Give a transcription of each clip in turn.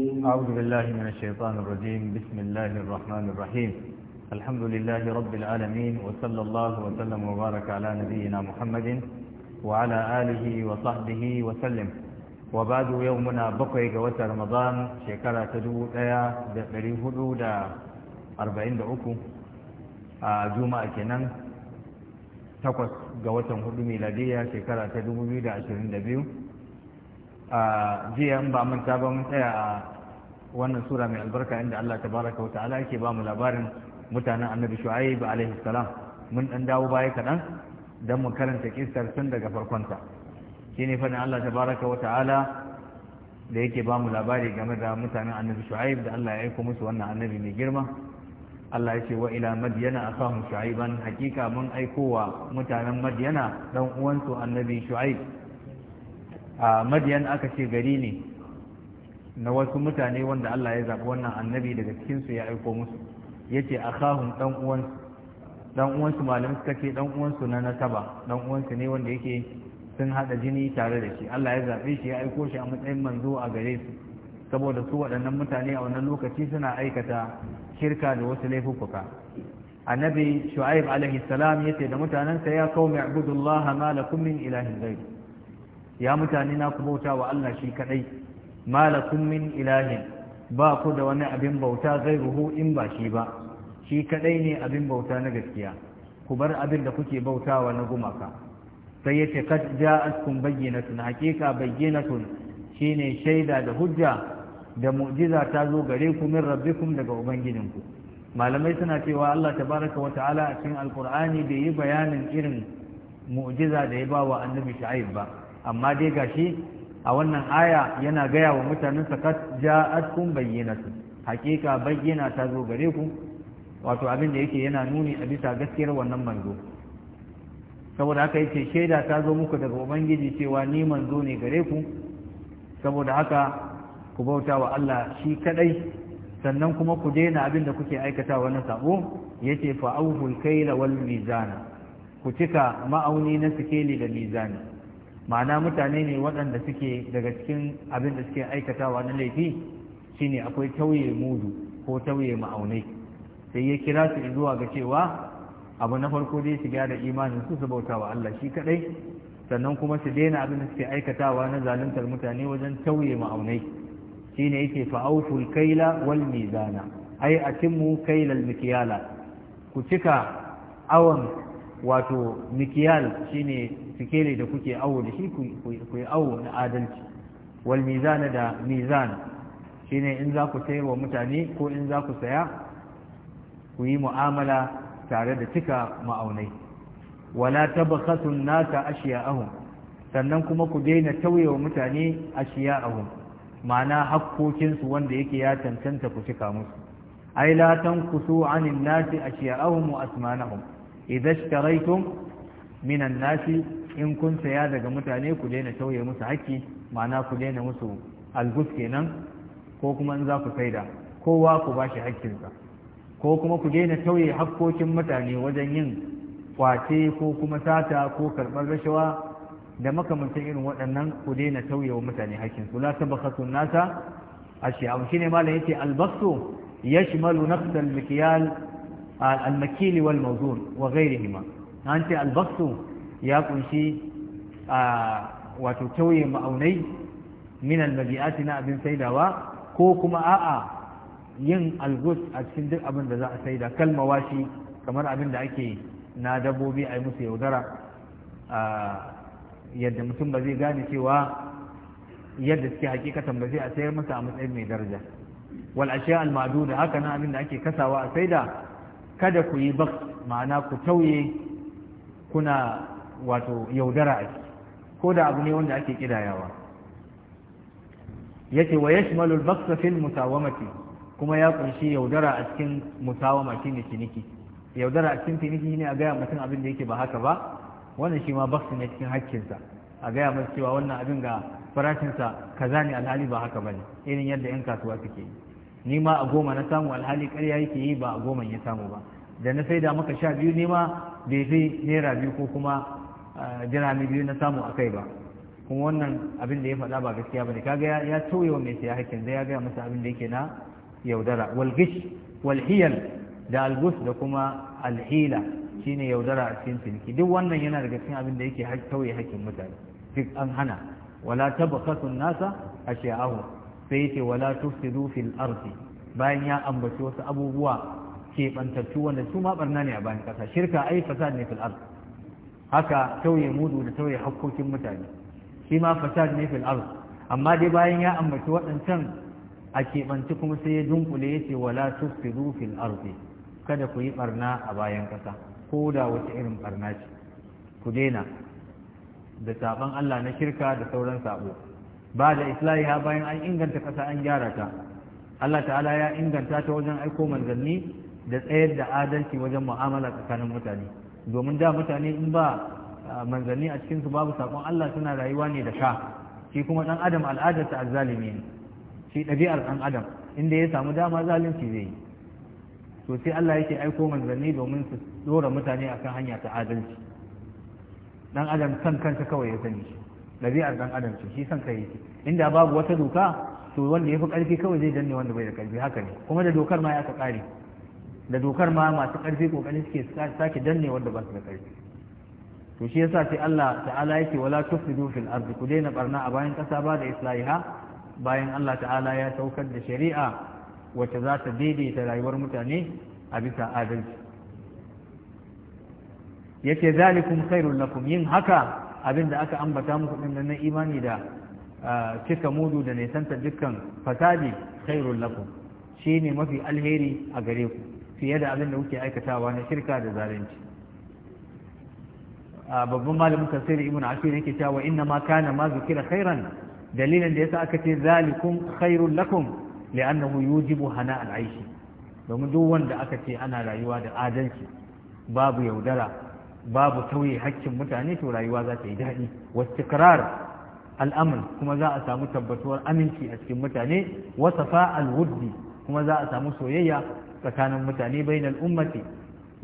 أعوذ بالله من الشيطان الرجيم بسم الله الرحمن الرحيم الحمد لله رب العالمين وصلى الله وسلم وبارك على نبينا محمد وعلى آله وصحبه وسلم وبعد يومنا بقي قوات رمضان شكرا تدو ايا دقري هدود أربعين دعوكم جمعة كنان تقص قوات هدو ميلادية شكرا تدو ميلادية عشرين دبيو a jiya in ba manta ba mun tsaya a wannan sura mai albarka inda Allah baraka wa ta'ala yake ba mu labarin mutanen annabi shu'aib alaihi salam mun dan dawo baya kaɗan don mu karanta kistar tun daga farkonta ne shi Allah baraka wa ta'ala da yake ba mu labari game da mutanen annabi shu'aib da Allah ya aiko musu wannan annabi mai girma Allah ya ce wa ila madyana akahum shu'aiban hakika mun aiko wa mutanen madyana dan uwansu annabi shu'aib a madiyan aka ce gari ne na wasu mutane wanda Allah ya zaɓi wannan annabi daga cikinsu ya aiko musu ya ce a kahun ɗan uwansu malam suka ce ɗan uwansu na nasaba ɗan ne wanda yake sun haɗa jini tare da shi Allah ya zaɓe shi ya aiko shi a matsayin manzo a gare su saboda su waɗannan mutane a wannan lokaci suna aikata shirka da wasu laifuka annabi shu'aib alaihi salam yace da mutanensa ya mai Abudullahi ma lakum min ilahin ghayr ya mutane na ku bauta wa Allah shi kadai malakum min ilahin ba ku da wani abin bauta zai ruhu in ba shi ba shi kadai ne abin bauta na gaskiya ku bar abin da kuke bautawa na gumaka sai ya ce kad ja'atkum bayyinatun haqiqa bayyinatun shine shaida da hujja da mu'jiza ta zo gare ku min rabbikum daga ku. malamai suna cewa Allah tabaraka Ta'ala a cikin alkur'ani bai yi bayanin irin mu'jiza da ya ba wa annabi shu'aib ba amma dai gashi a wannan aya yana gaya wa mutanensa kad ja'atkum bayyinatu hakika bayyana ta zo gare ku wato abin da yake yana nuni a bisa gaskiyar wannan manzo saboda haka yake shaida ta zo muku daga ubangiji cewa ni manzo ne gare ku saboda haka ku bauta wa Allah shi kadai sannan kuma ku daina abin da kuke aikatawa na sabo yace fa awful kayla wal mizana ku cika ma'auni na sikeli da mizani ma'ana mutane ne waɗanda suke daga cikin abin da suke aikatawa na laifi shine akwai tauye mudu ko tauye ma'aunai sai ya kira su in zuwa ga cewa abu na farko dai su gyara imanin su su bauta wa Allah shi kadai sannan kuma su daina abin da suke aikatawa na zaluntar mutane wajen tauye ma'aunai shine yake fa'auful kaila wal mizana ai mu kailal mikiyala ku cika awan wato mikiyal shine ne da kuke awo da shi ku yi awo na adalci wal mizana da mizan shine in za ku sayar wa mutane ko in za ku saya ku yi mu'amala tare da cika ma'aunai wala tabakhasu nasa ashiya'ahum sannan kuma ku daina wa mutane ashiya'ahum ma'ana hakkokinsu wanda yake ya cancanta ku cika musu ai la tankusu 'anil nasi ashiya'ahum wa asmanahum idza ishtaraytum minan nasi in kun saya daga mutane ku daina tauye musu haƙƙi ma'ana ku daina musu algus kenan ko kuma in za ku saida kowa ku ba shi haƙƙinsa ko kuma ku daina tauye hakkokin mutane wajen yin kwace ko kuma sata ko karɓar rashawa da makamancin irin waɗannan ku daina tauye wa mutane haƙƙinsu la sun nasa a shi shi ne malam yace albaksu ya nafs al mikiyal al makili wal mawzun wa ghayrihima an ce albasu ya kunshi a wato tauye ma'aunai minan mabi'ati na abin saidawa ko kuma a'a yin algus a cikin duk abin da za a saida kalmawashi kamar abin da ake na dabbobi a musu yaudara yadda mutum ba zai gane cewa yadda suke hakikatan ba zai a sayar masa a matsayin mai daraja wal ashiya al ma'duda haka nan abin da ake kasawa a saida kada ku yi bak ma'ana ku tauye kuna wato yaudara a ciki ko da abu ne wanda ake kidayawa yace wa yashmalu al-baqsa fil musawamati kuma ya kunshi yaudara a cikin musawama shi ciniki yaudara a cikin ciniki ne a gaya mutum abin da yake ba haka ba wannan shi ma baksu ne cikin hakkinsa a gaya masa cewa wannan abin ga farashinsa kaza ne alhali ba haka bane irin yadda yan kasuwa suke yi ni ma a goma na samu alhali ƙarya yake yi ba a goma ya samu ba da na saida maka sha biyu ne ma bai fi naira biyu ko kuma jirami biyu na samu a kai ba kuma wannan abin da ya faɗa ba gaskiya ba ne kaga ya tauye wa mai siya hakkin zai ya gaya masa abin da yake na yaudara walgish walhiyal da algus da kuma alhila shine yaudara a cikin ciniki duk wannan yana daga cikin abin da yake tauye hakkin mutane duk an hana wala tabakasu nasa a ashya'ahu sai yace wala tufsidu fil ardi bayan ya ambaci wasu abubuwa ke bantattu wanda su ma barna ne a bayan kasa shirka ai fasad ne fil ardi haka tauye mudu da tauye hakkokin mutane shi ma fasad ne fil ard amma dai bayan ya ambaci waɗancan a keɓanci kuma sai ya dunkule ya ce wala tufsidu fil ardi kada ku yi barna a bayan ƙasa ko da wata irin barna ce ku daina da saban Allah na shirka da sauran sabo ba da ha bayan an inganta kasa an gyara ta Allah ta'ala ya inganta ta wajen aiko manzanni da tsayar da adalci wajen mu'amala tsakanin mutane domin da mutane in ba manzanni a cikinsu babu sakon Allah suna rayuwa ne da ka shi kuma ɗan adam al'adarsa azzalimi ne shi ɗabi'ar ɗan adam inda ya samu dama zalunci zai yi to sai Allah yake aiko manzanni domin su dora mutane akan hanya ta adalci dan adam san kanta kawai ya sani shi ɗabi'ar dan adam ce shi san kai inda babu wata doka to wanda ya fi ƙarfi kawai zai danne wanda bai da ƙarfi haka ne kuma da dokar ma ya ka ƙare da dokar ma masu karfi ƙoƙari suke sake danne wanda ba su da ƙarfi to shi yasa sai Allah ta'ala yake wala tufidu fil ardi ku daina barna a bayan ƙasa ba da islahiha bayan Allah ta'ala ya saukar da shari'a wacce za ta daidaita rayuwar mutane a bisa adalci yace zalikum khairul lakum yin haka abin da aka ambata muku din nan imani da kika mudu da nisanta dukkan fasadi khairul lakum shine mafi alheri a gare ku fiye da abin da kuke aikatawa na shirka da zalunci a babban malamin tafsiri ibn ashir yake cewa inna ma kana ma zukira khairan dalilin da yasa aka ce zalikum khairul lakum li'annahu yujibu hana al-aish domin duk wanda aka ce ana rayuwa da adalci babu yaudara babu tauye hakkin mutane to rayuwa za ta yi daɗi wastikrar al'amr kuma za a samu tabbatuwar aminci a cikin mutane wasafa al-wuddi kuma za a samu soyayya tsakanin mutane bainal ummati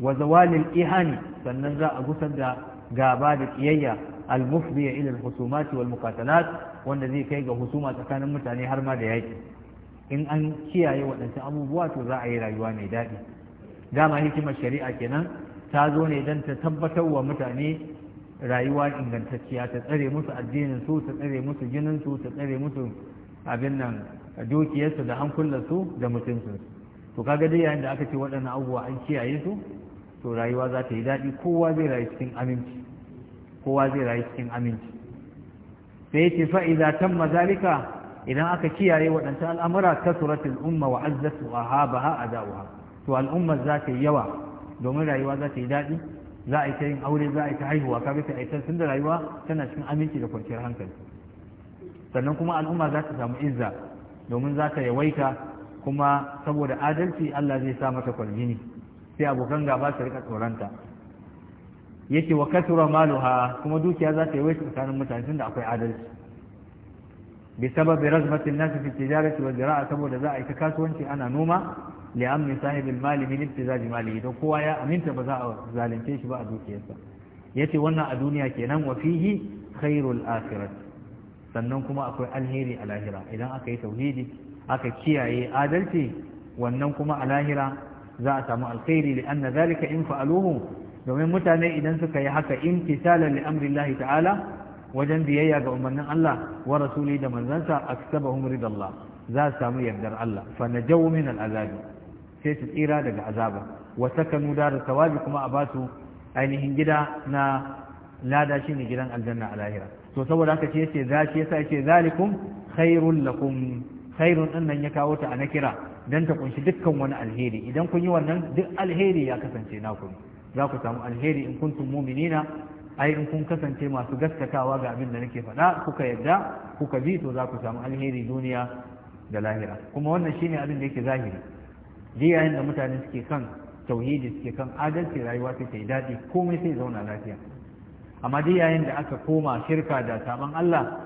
wa zawalil ihani sannan za a gusar da gaba da ƙiyayya al-mufdiya ila al-husumati wal muqatalat wanda zai kai ga husuma tsakanin mutane har ma da yaki in an kiyaye waɗansu abubuwa to za a yi rayuwa mai daɗi dama hikimar shari'a kenan ta zo ne don ta tabbatar wa mutane rayuwa ingantacciya ta tsare musu addinin su ta tsare musu jinin su ta tsare musu abin nan dukiyarsu da hankulansu da mutuncinsu to kaga dai yayin da aka ce waɗannan abubuwa an kiyaye su to rayuwa za ta yi daɗi kowa zai rayu cikin aminci kowa zai rayu cikin aminci sai yace fa idza tamma zalika idan aka kiyaye waɗancan al'amura ta suratul umma wa azzatu ahabaha adawha to al'umma za ta yi yawa domin rayuwa za ta yi daɗi za a yi yin aure za a yi ta haihuwa kaga ta aitar tun da rayuwa tana cikin aminci da kwanciyar hankali sannan kuma al'umma za ta samu izza domin za ta yawaita kuma saboda adalci Allah zai sa mata kwaljini sai abokan gaba su rika tsoronta yake wa kasura maluha kuma dukiya za ta yi wasu tsakanin mutane tunda akwai adalci bi sababi razmatin nasu fi tijarati wa zira'a saboda za a yi ta kasuwanci ana noma li amni sahibil mali min ibtizaji malihi don kowa ya aminta ba za a zalunce shi ba a dukiyarsa yace wannan a duniya kenan wa fihi khairul akhirah sannan kuma akwai alheri a lahira idan aka yi tauhidi aka kiyaye adalci wannan kuma a lahira za a samu alkhairi li anna zalika in fa'aluhu domin mutane idan suka yi haka imtisalan li amrillahi ta'ala wajen biyayya ga umarnin Allah wa rasuli da manzansa aksabahum Allah. za su samu yardar Allah fa jawo min al'azabi sai su tsira daga azaba wa sakanu daru sawabi kuma a basu ainihin gida na lada shi ne gidan aljanna a lahira to saboda haka ce yace za shi yasa yace zalikum khairul lakum khairun din nan ya kawo ta a na kira don ta kunshi dukkan wani alheri idan kun yi wannan duk alheri ya kasance naku za ku samu alheri in kuntum mu'minina ai in kun kasance masu gaskatawa ga abin da nake faɗa kuka yadda kuka bi to za ku samu alheri duniya da lahira kuma wannan shine abin da yake zahiri duk yayin da mutane suke kan tauhidi suke kan adalci rayuwa ta yi daɗi komai sai zauna lafiya amma duk yayin da aka koma shirka da saban Allah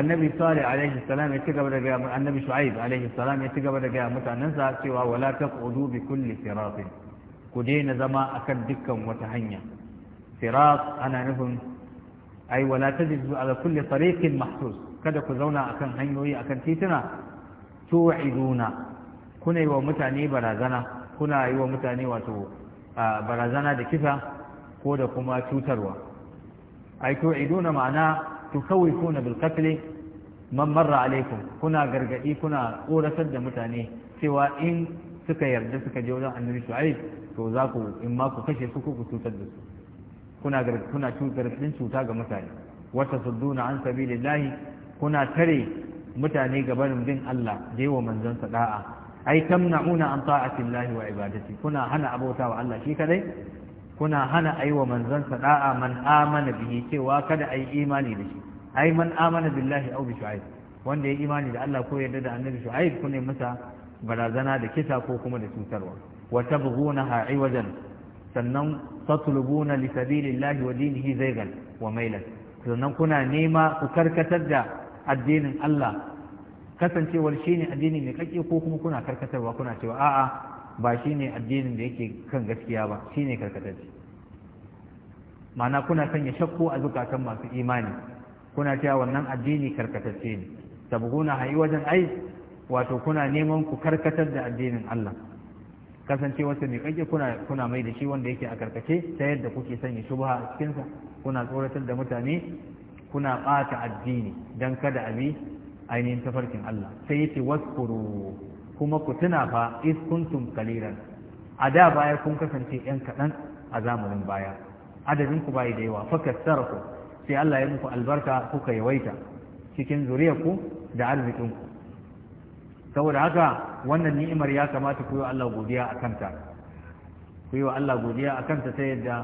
annabi salih alaihi salam ya ci gaba da gaya annabi shu'aib alaihi salam ya ci gaba da gaya mutanensa cewa wala taqudu bi kulli sirafin ku daina zama akan dukkan wata hanya sirat ana nufin ai wala tajidu ala kulli tariqin mahsus kada ku zauna akan hanyoyi akan titina tu'iduna kuna yi wa mutane barazana kuna yi wa mutane wato barazana da kisa ko da kuma cutarwa ai tu'iduna ma'ana tukawifuna bil qatl man marra alaikum kuna gargadi kuna tsoratar da mutane cewa in suka yarda suka je wajen annabi shu'aib to za ku in ma ku kashe su ko ku cutar da su kuna kuna gargadin cuta ga mutane wata sudduna an sabilillahi kuna tare mutane ga barin bin Allah da yawa manzansa da'a ai tamna'una an ta'atillahi wa ibadati kuna hana abota wa Allah shi kadai kuna hana aiwa manzansa da'a man amana bihi cewa kada ai imani da shi ai man amana billahi aw bi shu'aib wanda ya imani da Allah ko yarda da annabi shu'aib kune masa barazana da kisa ko kuma da cutarwa wa tabghunaha iwajan sannan tatlubuna li sabilillahi wa dinihi zaygan wa mailan sannan kuna nema ku karkatar da addinin Allah kasancewar shine addini mai kake ko kuma kuna karkatarwa kuna cewa a'a ba shine addinin da yake kan gaskiya ba shine karkatar ma'ana kuna sanya shakku a zukatan masu imani kuna cewa wannan addini karkatacce ne na hayi wajen ai wato kuna neman ku karkatar da addinin Allah kasance wasu mai kake kuna kuna mai da shi wanda yake a karkace ta yadda kuke sanya shubha a cikin sa kuna tsoratar da mutane kuna bata addini dan kada abi ainihin tafarkin Allah sai yace waskuru kuma ku tuna fa is kuntum qalilan a da baya kun kasance yan kadan a zamanin baya adadin ku bai da yawa fa sai Allah ya muku albarka kuka yawaita cikin zuriyarku da arzikinku saboda haka wannan ni'imar ya kamata ku yi Allah godiya a kanta ku yi wa Allah godiya a kanta ta yadda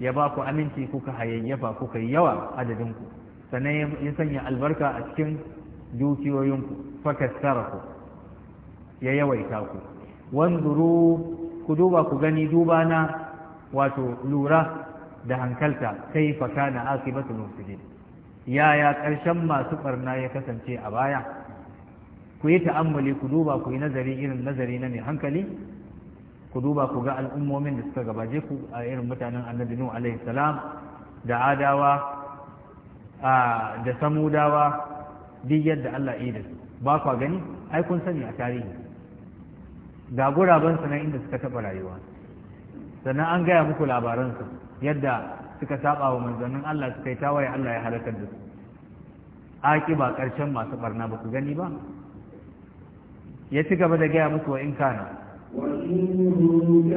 ya ba ku aminci kuka hayayyafa kuka yi yawa adadinku sannan ya sanya albarka a cikin dukiyoyinku fakassara ku ya yawaita ku wanzuru ku duba ku gani duba na wato lura da hankalta kai fa kana akibatul mufsidin yaya karshen masu barna ya kasance a baya ku yi ta'ammali ku duba ku yi nazari irin nazari na mai hankali ku duba ku ga al'ummomin da suka gabaje ku a irin mutanen annabi nuhu alaihi salam da adawa da samudawa duk yadda Allah ya da su ba kwa gani ai kun sani a tarihi ga guraben su nan inda suka taɓa rayuwa sannan an gaya muku labaransu yadda suka saba wa manzannin Allah suka yi tawaye Allah ya halakar da su aki ba ƙarshen masu barna ba ku gani ba ya ci gaba da gaya musu wa in kana كان منهم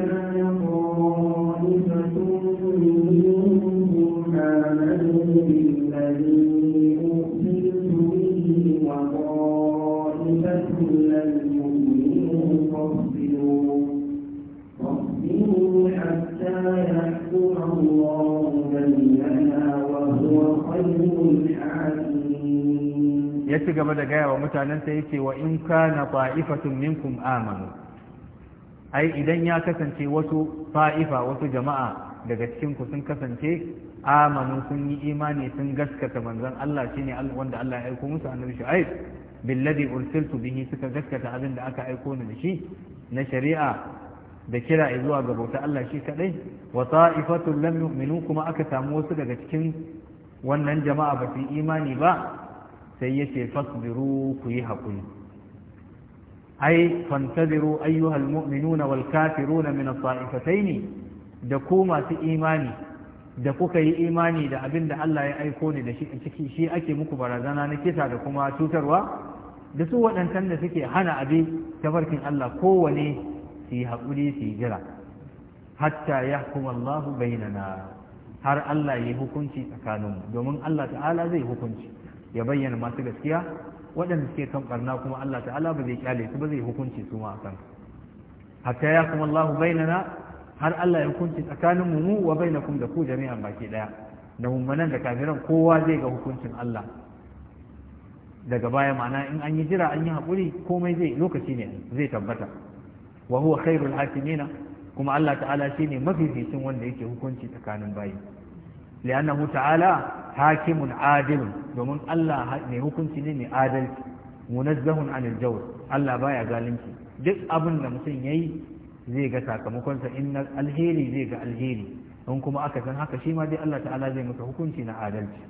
ya ci gaba da gaya wa mutanensa ya ce wa in kana fa’ifatun minkum amanu ai idan ya kasance wasu fa'ifa wasu jama'a daga cikin ku sun kasance amanu sun yi imani sun gaskata manzon Allah shine wanda Allah ya aiko musu annabi Shu'aib billadi ursiltu bihi suka gaskata abin da aka aiko ni da shi na shari'a da kira zuwa ga bauta Allah shi kadai wa ta'ifatul lam yu'minu kuma aka samu wasu daga cikin wannan jama'a ba su imani ba sai yace fasbiru ku yi hakuri ai fantaziru ayyuhal mu'minuna wal kafiruna min as-sa'ifatayn da ku masu imani da kuka yi imani da abin da Allah ya aiko ni da shi shi ake muku barazana na kisa da kuma cutarwa da su waɗancan da suke hana abi tafarkin Allah kowane su yi haƙuri su yi jira hatta ya hukuma Allah bainana har Allah ya yi hukunci tsakaninmu domin Allah ta'ala zai hukunci ya bayyana masu gaskiya waɗanda suke kan barna kuma Allah ta'ala ba zai kyale su ba zai hukunci su ma akan hatta ya kuma Allah bainana har Allah ya hukunci tsakaninmu mu wa bainakum da ku jami'an baki ɗaya, da mummanan da kafiran kowa zai ga hukuncin Allah daga baya ma'ana in an yi jira an yi haƙuri komai zai lokaci ne zai tabbata wa huwa khairul hakimina kuma Allah ta'ala shine mafificin wanda yake hukunci tsakanin bayi li'annahu ta'ala hakimun adilun domin Allah ne hukunci ne mai adalci munazzahun anil jawr Allah baya zalunci duk abin da mutum yayi zai ga sakamakonsa in alheri zai ga alheri in kuma aka san haka shi ma dai Allah ta'ala zai masa hukunci na adalci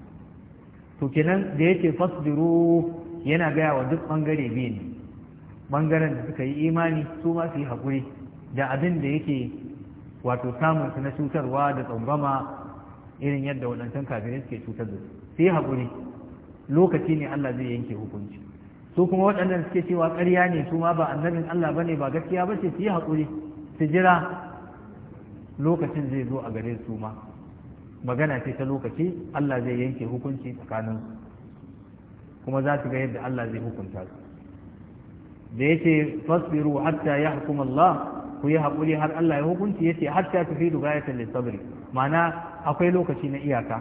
to kenan da yake fasbiru yana gaya wa duk bangare biyu ne bangaren da suka yi imani su ma su yi haƙuri da abin da yake wato samun su na cutarwa da tsangwama irin yadda waɗancan kafirai suke cutar da su su yi haƙuri lokaci ne Allah zai yanke hukunci su kuma waɗannan suke cewa ƙarya ne su ma ba annabin Allah ba ne ba gaskiya ba ce su yi haƙuri su jira lokacin zai zo a gare su ma magana ce ta lokaci Allah zai yanke hukunci tsakanin kuma za su ga yadda Allah zai hukunta su da yake fasiru hatta yahkum Allah ku yi hakuri har Allah ya hukunci yace hatta dubaya ta lisabri ma'ana akwai lokaci na iyaka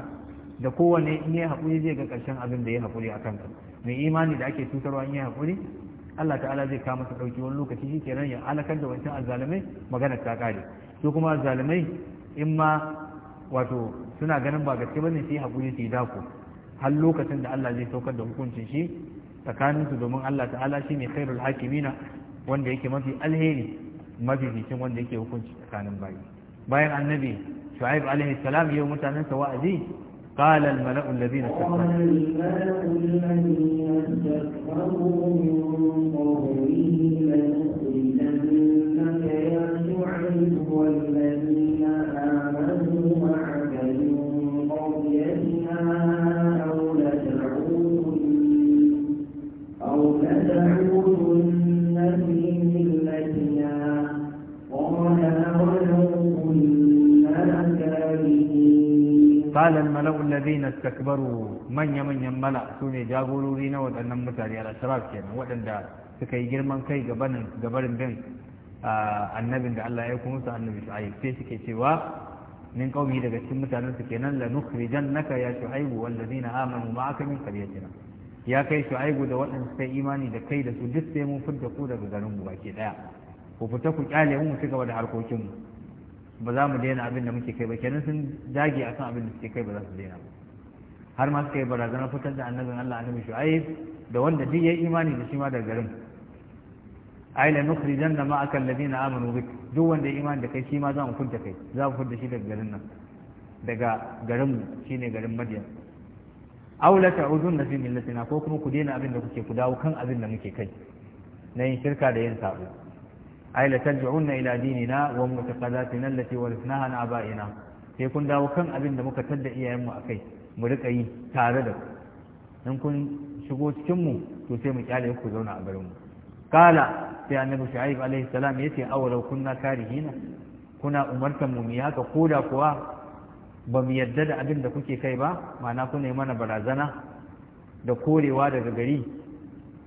da kowane in ya hakuri zai ga ƙarshen abin da ya hakuri a kanka mai imani da ake cutarwa in ya hakuri Allah ta'ala zai kama su ɗauki wani lokaci shi kenan ya alakar da wancan azzalumai magana ta ƙare su kuma azzalumai in ma wato suna ganin ba gaske bane sai hakuri su yi dako har lokacin da Allah zai saukar da hukuncin shi tsakaninsu domin Allah ta'ala shi ne khairul hakimina wanda yake mafi alheri mafi jikin wanda yake hukunci tsakanin bayi bayan annabi shu'aib alaihi salam yau mutanen sa wa'azi قال الملأ الذين استكبروا قال الملأ الذين استكبروا من قومه لنخرجنك يا شعيب والذين قال الملأ الذين استكبروا من يمن يملا سوني جاغولو لينا ودنن متاري الاشراف كينا ودندا suka yi girman kai gabanin gabarin bin annabin da Allah ya kuma musu annabi Shu'aib sai suke cewa min qaumi daga cikin mutanen su kenan la nukhrijannaka ya Shu'aib wal ladina amanu ma'aka min qaryatina ya kai Shu'aib da waɗanda suka imani da kai dasu duk sai mun fidda ku daga garin mu baki daya ku fita ku kyale mu mu ci gaba da harkokin mu ba za mu daina abin da muke kai ba kenan sun dage kan abin da suke kai ba za su daina ba har ma suka yi barazanar fitar da annabin Allah annabi Shu'aib da wanda duk yayi imani da shi ma daga garin ai la nukhrijanna ma'aka alladhina amanu bik duk wanda ya imani da kai shi ma za mu kunta kai za mu fita shi daga garin nan daga garin mu shine garin Madyan aw la ta'udunna fi millatina ko kuma ku daina abin da kuke ku dawo kan abin da muke kai na yin shirka da yin sabo ai la tarji'unna ila dinina wa mu'taqadatina allati warithnaha an aba'ina sai kun dawo kan abin da muka tadda iyayenmu akai mu rika yi tare da ku in kun shigo cikin mu to sai mu kyale ku zauna a garin mu kala sai annabi shu'aib alaihi salam yace awalau kunna karihina kuna umartan mu mu haka koda kuwa ba mu yarda da abin da kuke kai ba ma'ana kuna yi mana barazana da korewa daga gari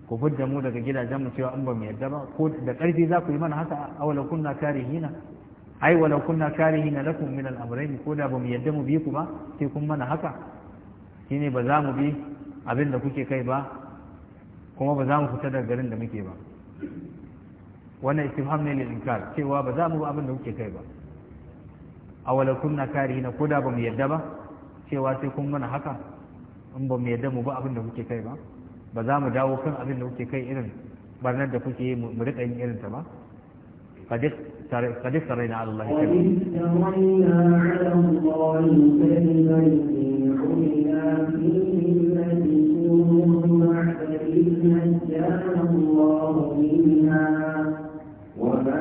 ku fidda mu daga gidajen mu cewa an ba mu yarda ba ko da ƙarfi za ku yi mana haka A wala kunna karihina ai wala kunna karihina lakum min al-amrayn ko da ba mu yarda mu bi ku ba sai kun mana haka shine ba za mu bi abin da kuke kai ba kuma ba za mu fita daga garin da muke ba wannan istifham ne lil inkar cewa ba za mu ba abin da kuke kai ba A wala kunna karihina ko da ba mu yarda ba cewa sai kun mana haka in ba mu yarda mu ba abin da kuke kai ba ba za mu dawo kan abin da kuke kai irin barnar da kuke mu riƙa yin irin ta ba قد افترينا على الله كذبا وما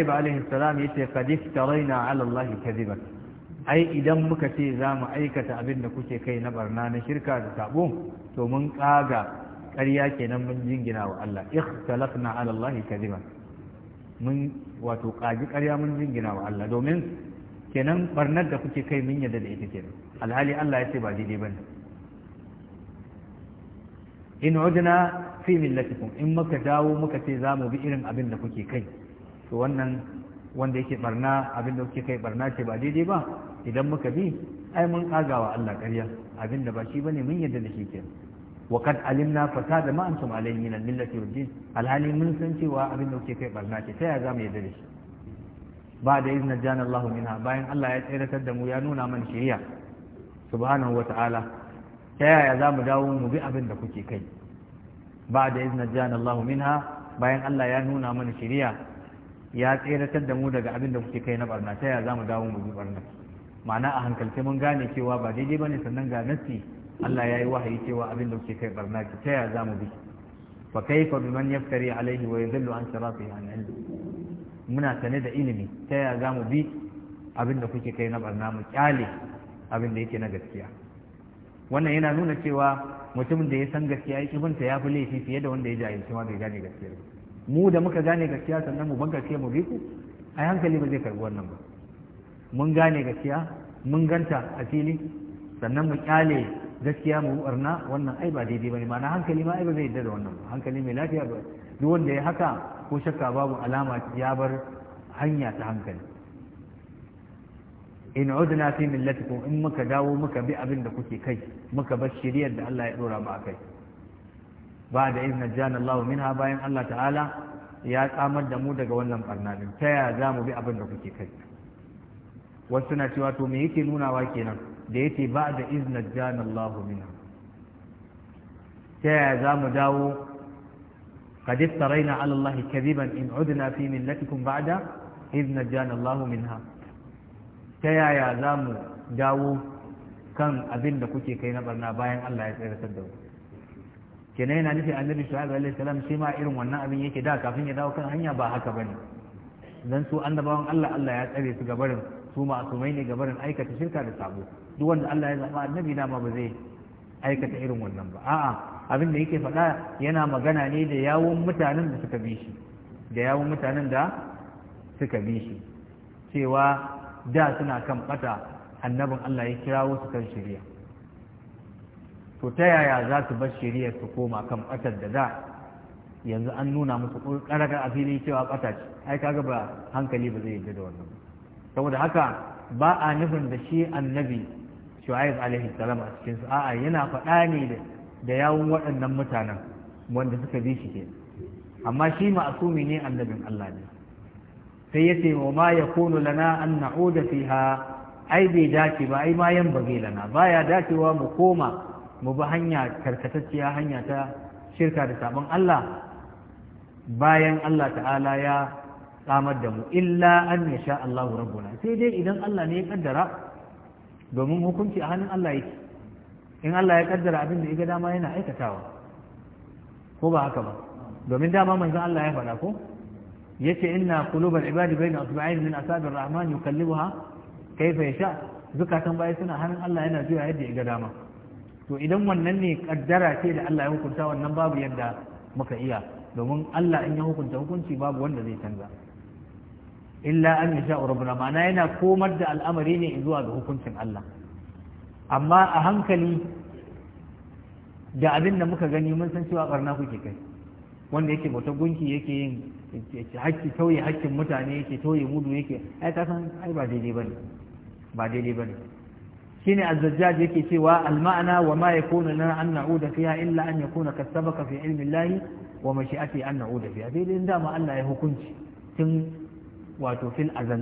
shu'aib alaihi salam yace qad iftaraina ala allahi kadiban ai idan muka ce za mu aikata abin da kuke kai na barna na shirka da sabo to mun kaga ƙarya kenan mun jingina wa Allah ikhtalafna ala allahi kadiban mun wato kaji ƙarya mun jingina wa Allah domin kenan barnar da kuke kai mun yadda da ita kenan alhali Allah ya ce ba daidai bane in udna fi millatikum in muka dawo muka ce za mu bi irin abin da kuke kai to wannan wanda yake barna abin da kuke kai barna ce ba daidai ba idan muka bi ai mun kagawa Allah ƙarya Abinda ba shi ne, mun yarda da shi ke wa kad alimna fasada ma antum alayhi min al-millati wad alhali mun san cewa abin da kuke kai barna ce ta ya za mu yarda da ba da izna jana Allah minha bayan Allah ya tsiratar da mu ya nuna mana shari'a subhanahu wa ta'ala ta yaya za mu dawo mu bi abin da kuke kai ba da minha bayan Allah ya nuna mana shari'a ya tseratar da mu daga abin da kuke kai na barna ta ya za mu dawo mu bi barna ma'ana a hankalce mun gane cewa ba daidai bane sannan ga nasi Allah ya yi wahayi cewa abin da kuke kai barna ki ta ya za mu bi fa kaifa biman yaftari alaihi wa yadullu an siratihi an ilmi muna sane da ilimi ta ya za mu bi abin da kuke kai na barna mu kyale abin da yake na gaskiya wannan yana nuna cewa mutumin da ya san gaskiya ya kibinta ya fi laifi fiye da wanda ya jahilci ma bai gane gaskiya ba mu da muka gane gaskiya sannan mu ban gaskiya mu bi ku a hankali ba zai karbi wannan ba mun gane gaskiya mun ganta a fili sannan mu kyale gaskiya mu barna wannan ai ba daidai bane ma'ana hankali ma ai ba zai yadda da wannan ba. hankali mai lafiya ba duk wanda ya haka ko shakka babu alama ya bar hanya ta hankali in udna fi millatikum in muka dawo muka bi abin da kuke kai muka bar shiriyar da Allah ya dora mu akai ba da izina jana Allah minha bayan Allah ta'ala ya kamar da mu daga wannan barna din ta ya za mu bi abin da kuke kai wasu na cewa to me yake nuna wa kenan da yake ba da izina jana Allah minha ta ya za mu dawo قد افترينا على الله كذبا إن عدنا في ملتكم بعد إذ نجانا الله منها تيا يا زام داو كان أبين دكوتي كينا برنا باين الله يسير سدو kenan yana nufin annabi shu'aib alaihi salam shi ma irin wannan abin yake da kafin ya dawo kan hanya ba haka bane dan su annabawan Allah Allah ya tsare su gabarin su ma ma'asumai ne gabarin aikata shirka da sabo duk wanda Allah ya zaba annabi da ma ba zai aikata irin wannan ba a'a abin da yake faɗa yana magana ne da yawon mutanen da suka bi shi da yawon mutanen da suka bi shi cewa da suna kan bata annabin Allah ya kirawo su kan shari'a to ta yaya za su bar shiriyar su koma kan ƙasar da da yanzu an nuna musu ƙarƙar a fili cewa ƙasa ce ai kaga ba hankali ba zai yadda da wannan saboda haka ba a nufin da shi annabi shu'aib alaihi salam a cikin su a'a yana faɗa ne da yawun waɗannan mutanen wanda suka bi shi ke amma shi ma'asumi ne annabin Allah ne sai ya ce ya ya kunu lana an na'uda fiha ai bai dace ba ai ma yan bage lana baya dacewa mu koma mu bi hanya karkatacciya hanya ta shirka da sabon Allah bayan Allah ta'ala ya tsamar da mu illa an ya sha Allahu rabbuna sai dai idan Allah ne ya kaddara domin hukunci a hannun Allah yake in Allah ya kaddara abin da ya ga dama yana aikatawa ko ba haka ba domin dama manzon Allah ya faɗa ko yace inna qulubal ibadi bayna asba'in min asabir rahman yukallibuha kayfa yasha zukatan bai suna hannun Allah yana juya yadda ya ga dama to idan wannan ne kaddara ce da Allah ya hukunta wannan babu yadda muka iya domin Allah in ya hukunta hukunci babu wanda zai canza illa an yasha rabbuna ma'ana yana komar da al'amari ne zuwa ga hukuncin Allah amma a hankali da abin da muka gani mun san cewa barna kuke kai wanda yake bauta gunki yake yin hakki tauye hakkin mutane yake tauye mudu yake ai ka san ai ba daidai bane ba daidai bane shine az-zajjaj yake cewa al-ma'ana wa ma yakunu lana an na'uda fiha illa an yakuna kasabaka fi ilmi Allah wa mashi'ati an na'uda fiha dai dai dama Allah ya hukunci tun wato fil azal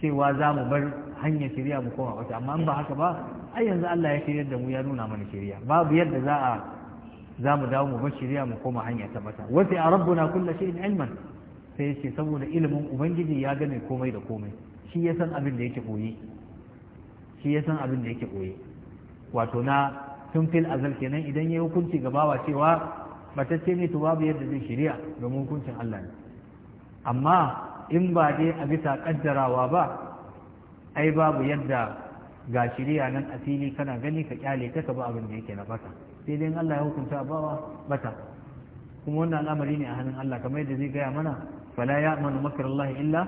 cewa za mu bar hanyar shari'a mu koma wata amma in ba haka ba ai yanzu Allah ya shirya da mu ya nuna mana shari'a babu yadda za a za mu dawo mu bar shari'a mu koma hanya ta mata wasi a rabbuna kullu shay'in ilman sai yace saboda ilimin ubangiji ya gane komai da komai shi ya san abin da yake boye shi ya san abin da yake koyi wato na tun fil azal kenan idan ya hukunci ga bawa cewa ce ne tuba babu yadda zai shirya domin hukuncin Allah ne amma in ba dai a bisa kaddarawa ba ai babu yadda ga shirya nan asiri kana gani ka kyale ta ka ba abin da yake na fata sai dai Allah ya hukunta bawa bata kuma wannan al'amari ne a hannun Allah kamar yadda zai gaya mana fala ya mana illa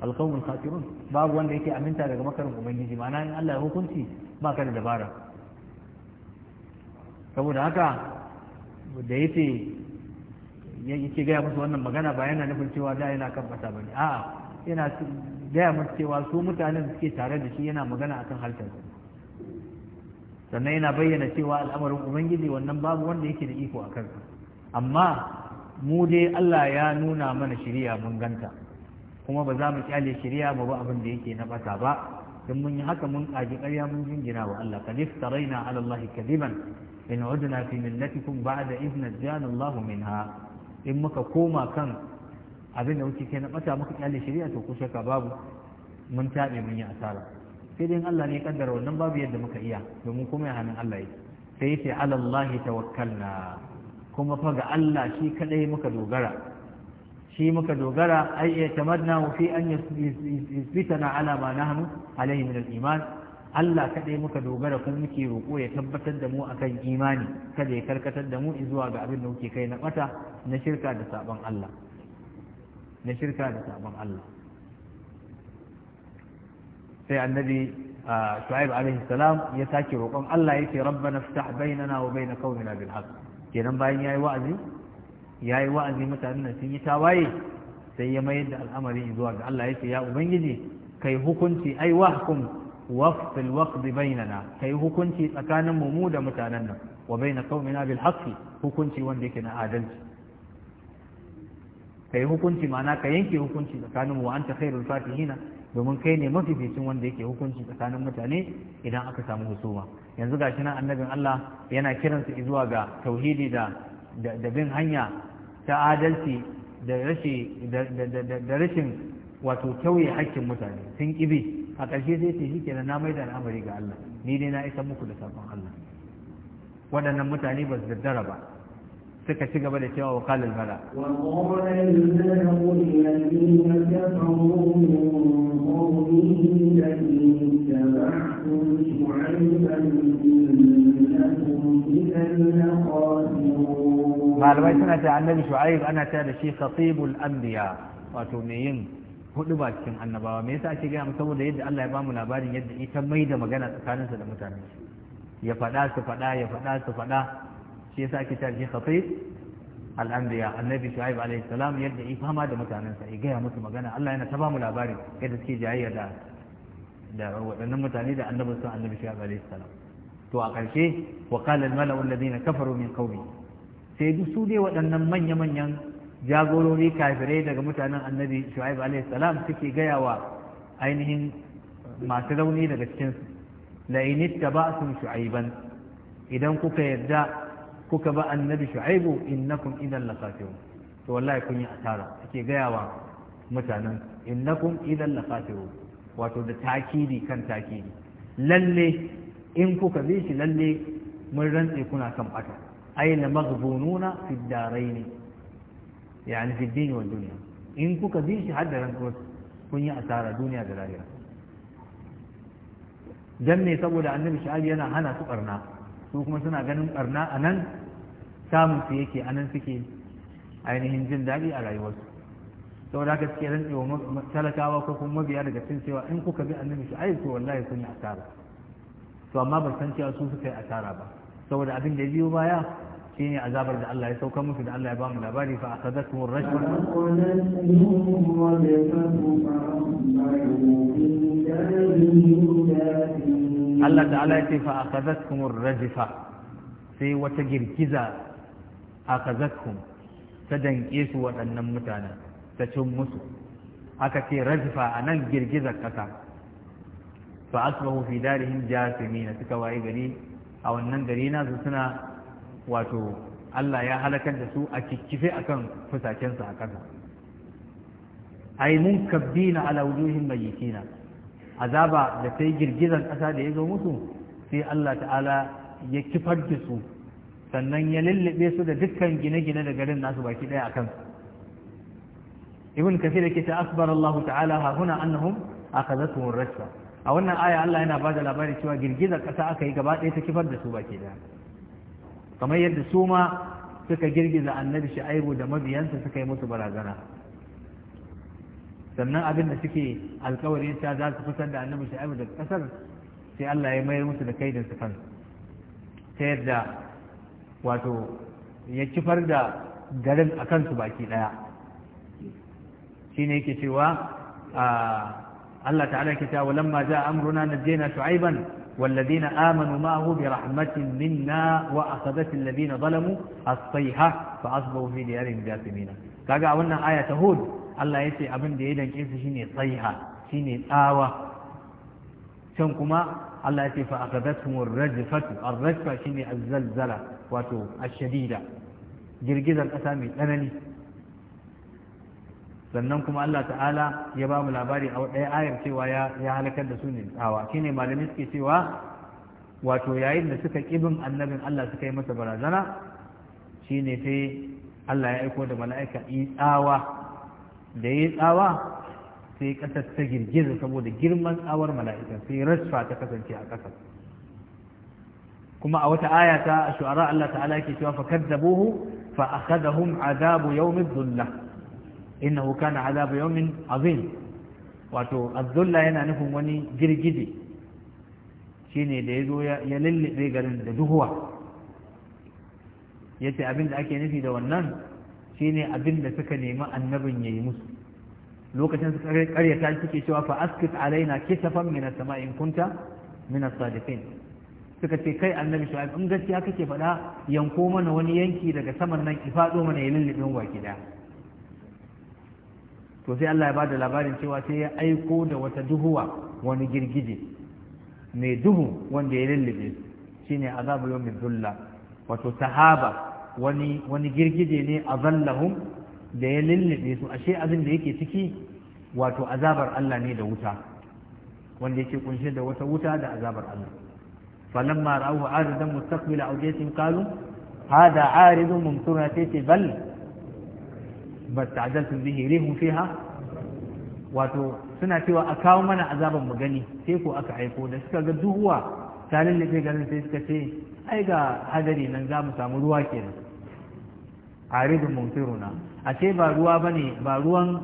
alqawmul kafirun babu wanda yake aminta daga makarin ubangiji ma'ana in Allah ya hukunci ba ka da dabara saboda haka da yace yake gaya musu wannan magana ba yana nufin cewa da yana kan ba ne a'a yana gaya musu cewa su mutanen suke tare da shi yana magana akan haltar sannan yana bayyana cewa al'amarin ubangiji wannan babu wanda yake da iko a kansa amma mu dai Allah ya nuna mana shiriya mun ganta kuma ba za mu kyale shirya mu ba abin da yake na bata ba in mun yi haka mun kaji ƙarya mun jingina wa Allah qad raina, ala Allah kadiban in udna fi millatikum ba'da idh najjana Allah minha in muka koma kan abin da muke kai na bata muka kyale shiriya to ku shaka babu mun tabe mun yi asara sai dai Allah ne kaddara wannan babu yadda muka iya domin kuma ya hannun Allah yake sai yace ala Allah tawakkalna kuma fa ga Allah shi kadai muka dogara shi muka dogara ai ya tamanna mu fi an yusbitana ala ma nahnu alayhi min al-iman Allah kaɗai muka dogara kuma muke roƙo ya tabbatar da mu akan imani kada ya karkatar da mu zuwa ga abin da muke kai na bata na shirka da sabon Allah na shirka da sabon Allah sai annabi shu'aib alaihi salam ya sake roƙon Allah yake rabbana iftah bainana wa bain qaumina bil haqq kenan bayan yayi wa'azi ya yi wa'azi mutanen nan sun yi tawaye sai ya mayar da al'amarin zuwa ga Allah ya ce ya ubangiji kai hukunci ai wa wahkum waqtil waqd bainana kai hukunci tsakanin mu mu da mutanen nan wa baina qaumina bil haqqi hukunci wanda yake na adalci kai hukunci ma'ana ka yanke hukunci tsakanin mu anta khairul fatihina domin kai ne mafificin wanda yake hukunci tsakanin mutane idan aka samu husuma yanzu gashi nan annabin Allah yana kiransu zuwa ga tauhidi da da bin hanya ta adalci da rashin wato kyauye hakkin mutane sun ƙibi a ƙarshe sai ce shi kenan na mai da al'amari ga Allah ni dai na isa muku da sabon Allah waɗannan mutane ba su daddara ba suka ci gaba da cewa wakalin bara malamai suna ce annabi shu'aib ana ta da shi khatibul anbiya wato mai yin hudu ba cikin annabawa me yasa ake gaya mu saboda yadda Allah ya bamu labarin yadda ita mai da magana tsakaninsa da mutane ya faɗa su faɗa ya faɗa su faɗa shi yasa ake cewa shi khatib al'anbiya annabi shu'aib alaihi salam yadda yi fama da mutanensa ya gaya musu magana Allah yana ta ba mu labari yadda suke jayayya da da waɗannan mutane da annabi sun annabi shu'aib alaihi salam to a ƙarshe wa qala al mala'u alladhina kafaru min qawmi sai duk su dai waɗannan manya manyan jagorori kafirai daga mutanen annabi shu'aib alaihi salam suke gaya wa ainihin masu rauni daga cikin su la in ittaba'tum shu'aiban idan kuka yarda kuka ba annabi shu'aibu innakum idan lakafirun to wallahi kun yi asara ake gaya wa mutanen innakum idan lakafirun wato da takidi kan takidi lalle in kuka bi shi lalle mun rantse kuna kan bata ai la maghbununa fi darain yani fi din wa dunya in kuka bi shi har da kun yi asara duniya da lahira dan ne saboda annabi sha'ali yana hana su barna su kuma suna ganin barna a nan samun su yake a nan suke ainihin jin daɗi a rayuwarsu saboda haka suke ran talakawa ko kuma mabiya daga cin cewa in kuka bi annabi ayi to wallahi sun yi asara to amma ban san cewa su suka yi asara ba saboda abin da ya biyo baya shine azabar da Allah ya sauka musu da Allah ya ba mu labari fa akhadathum ar-rajfa wa Allah ta'ala ya ce fa akhadhatkum ar-rajfa sai wata girgiza akhadhatkum ta danke su waɗannan mutanen ta cin musu aka ce rajfa anan girgizar kasa fa asbahu fi darihim jasimin suka waye gari a wannan gari na su suna wato Allah ya halakar da su a kikkife akan fusakensu a kasa ay munkabbina ala wujuhim mayyitina azaba da ta yi girgizan ƙasa da ya zo musu sai Allah ta'ala ya kifar da su sannan ya lullube su da dukkan gine-gine da garin nasu baki ɗaya a kansu ibn kafir yake ta akbar Allah ta'ala ha huna annahum akhadhatuhum rajfa a wannan aya Allah yana bada labari cewa girgizar ƙasa aka yi gaba ɗaya ta kifar da su baki ɗaya kamar yadda su ma suka girgiza annabi sha'ibu da mabiyansa suka yi musu barazana sannan abin da suke alkawarin ta za su fitar da annabi shu'aibu da kasar sai Allah ya mayar musu da kaidin su kan ta yadda wato ya kifar da garin a kansu baki daya shine yake cewa Allah ta'ala ke cewa lamma za amruna najjayna shu'aiban والذين آمنوا معه برحمة منا وأخذت الذين ظلموا الصيحة فأصبحوا في ديارهم جاثمين كاجا wannan aya ta hudu. Allah ya ce abin da ya danke su shine tsaiha shine tsawa can kuma Allah ya ce fa akadatum ar-rajfatu shine azzalzala wato ashadida girgizar kasa mai tsanani sannan kuma Allah ta'ala ya ba mu labari a ɗaya ayar cewa ya ya halakar da su ne tsawa shine malami suke cewa wato yayin da suka kibin annabin Allah suka yi masa barazana shine sai Allah ya aiko da mala'ika tsawa da ya tsawa sai kasar ta girgiza saboda girman tsawar mala'ika sai rasfa ta kasance a kasar. kuma a wata aya ta shu'ara Allah ta'ala ke cewa fa kadzabuhu fa akhadahum azabu yawmi dhulla innahu kana azabu yawmin azim wato azzulla yana nufin wani girgije shine da yazo ya lullube garin da duhuwa yace abin da ake nufi da wannan shine abin da suka nemi annabin ya yi musu lokacin karya ta suke cewa fa askit alaina kisafan min as-sama'i in kunta min sadiqin suka ce kai annabi shu'aib in gaskiya kake faɗa yanko mana wani yanki daga saman nan ki faɗo mana ya lullube mu baki da to sai Allah ya bada labarin cewa sai ya aiko da wata duhuwa wani girgije mai duhu wanda ya lullube shine azabul yawmi dhulla wato sahaba wani wani girgije ne a zallahun da ya lullube su ashe abin da yake ciki wato azabar Allah ne da wuta wanda yake kunshe da wata wuta da azabar Allah ma ra'ahu aridan mustaqbila awjatin qalu hada aridun mumtiruna tayti bal basta'jaltum bihi rihum fiha wato suna cewa a kawo mana azaban mu gani sai ko aka aiko da suka ga duhuwa ta lullube garin sai suka ce ai ga hadari nan za mu samu ruwa kenan aridun mumtiruna ce ba ruwa bane ba ruwan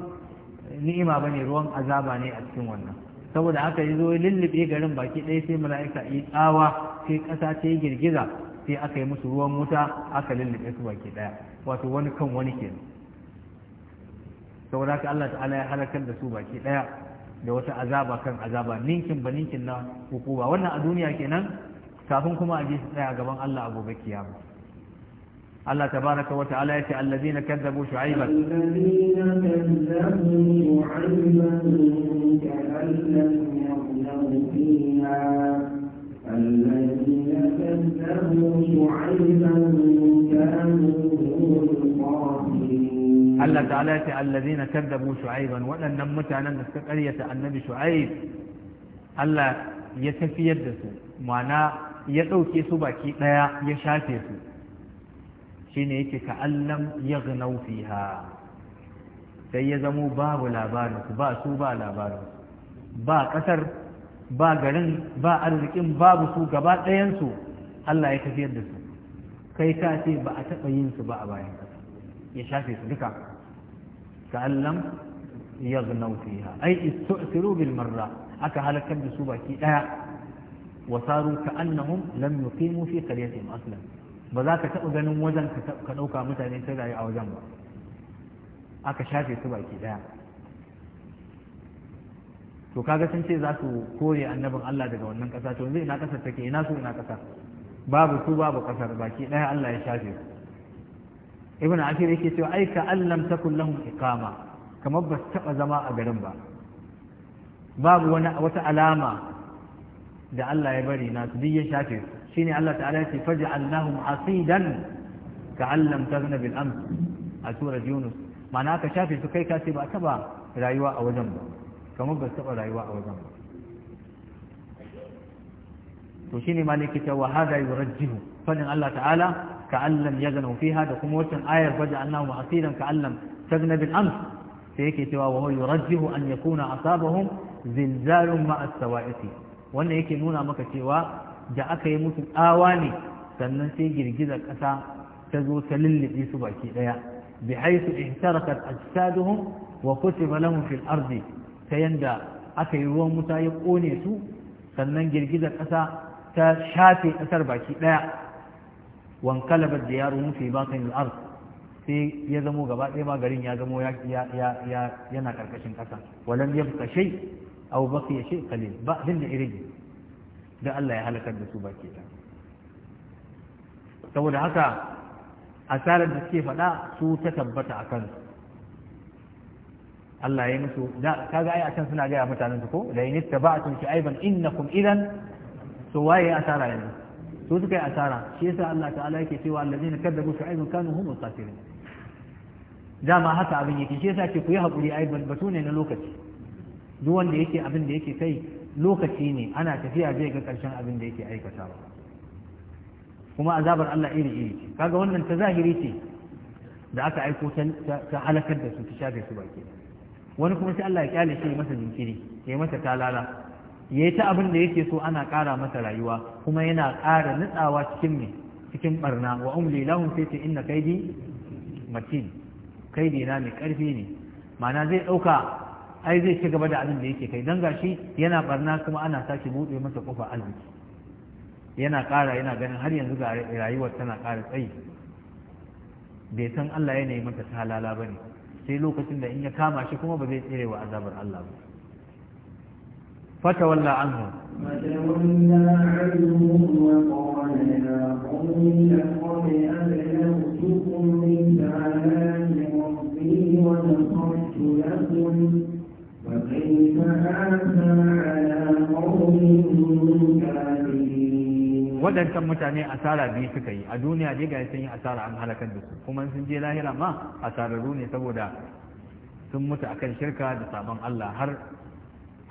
ni'ima bane ruwan azaba ne a cikin wannan saboda haka ya zo lullube garin baki ɗaya sai mala'ika yi tsawa sai ƙasa ta yi girgiza sai aka yi musu ruwan wuta aka lullube su baki ɗaya wato wani kan wani ke saboda haka Allah ta'ala ya halakar da su baki ɗaya da wata azaba kan azaba ninkin ba ninkin na hukuma wannan a duniya kenan kafin kuma a je su tsaya gaban Allah a gobe kiyama الله تبارك وتعالى يأتي الذين كذبوا شعيبا الذين كذبوا شعيبا كانوا هم الله تعالى الذين كذبوا شعيبا ولن نمت على النبي النبي شعيب الله يتفيدسوا معناه يدوكي سباكي لا يشاتيسوا shine yake ka'allam yaghnau fiha sai ya zamo babu labarin ba su ba labarin ba kasar ba garin ba arzikin babu su gaba ɗayan su Allah ya tafiyar da su kai ka ce ba a taɓa yin su ba a bayan ƙasa ya shafe su duka ka'allam yaghnau fiha ai istu'siru bil marra aka halakar da su baki ɗaya wasaru ka'annahum lam yuqimu fi qaryatihim aslan ba za ka taɓa ganin wajen ka ɗauka mutane sai rayu a wajen ba aka shafe su baki ɗaya to kaga sun ce za su kore annabin Allah daga wannan ƙasa to zai ina ƙasar take ina su ina ƙasa babu su babu ƙasar baki ɗaya Allah ya shafe su ibn akhir yake cewa ai ka allam takun lahum iqama kamar ba su taɓa zama a garin ba babu wani wata alama da Allah ya bari na su duk ya shafe su شيني الله تعالى فجعلناهم حصيدا كعلم تغنى بالأمس على سورة يونس معناها كشافي سكي كاسي بأتبع رايواء وزنبا كمبا سقوى رايواء وزنبا وشيني مالكي تعوى هذا يرجه فجعل الله تعالى كأن يغنوا فيها دقم وشن آية فجعلناهم حصيدا كعلم تغنى بالأمس فيكي تعوى وهو يرجه أن يكون عصابهم زلزال مع السوائط وأن يكي نونا مكتوى da aka yi musu tsawa ne sannan sai girgizar ƙasa ta zo ta lullube su baki ɗaya bi haisu ihtarakat ajsaduhum wa kutiba lahum fil ardi ta yanda aka yi ruwan wuta ya kone su sannan girgizar ƙasa ta shafe ƙasar baki ɗaya wankalabat diyaruhum fi batin al ard sai ya zamo gaba ɗaya ma garin ya zamo yana ƙarƙashin ƙasa walam yabqa shay aw baqiya shay qalil ba da irigi da Allah ya halakar da su baki ta saboda haka asarar da suke faɗa su ta tabbata a kansu Allah ya musu kaga ai a can suna gaya mutanen su ko la in ittaba'tum shu'ayban innakum idan su waye asara yanzu su suka yi asara shi yasa Allah ta'ala yake cewa allazina kadzabu aiban kanu humul khasirin dama haka abin yake shi yasa ke ku yi haƙuri aiban batu ne na lokaci duk wanda yake abin da yake kai lokaci ne ana tafiya zai ga ƙarshen abin da yake aikatawa kuma azabar Allah iri iri ce kaga wannan ta zahiri ce da aka aiko ta halakar da su ta shafe su baki wani kuma sai Allah ya kyale shi masa jinkiri ya yi masa talala ya yi ta abin da yake so ana ƙara masa rayuwa kuma yana ƙara nutsawa cikin cikin barna wa umli lahum sai ce inna kaidi matin kaidi na mai ƙarfi ne ma'ana zai ɗauka ai zai ci gaba da abin da yake kai don gashi yana barna kuma ana sake buɗe masa kofa arziki yana ƙara yana ganin har yanzu ga rayuwar tana ƙara tsayi bai san Allah yana yi mata ta halala ba ne sai lokacin da in ya kama shi kuma ba zai tsere wa azabar Allah ba fata walla anhu Thank you. waɗancan mutane asara biyu suka yi a duniya dai ga sun yi asara an halakar da su kuma sun je lahira ma asararru ne saboda sun mutu akan shirka da sabon Allah har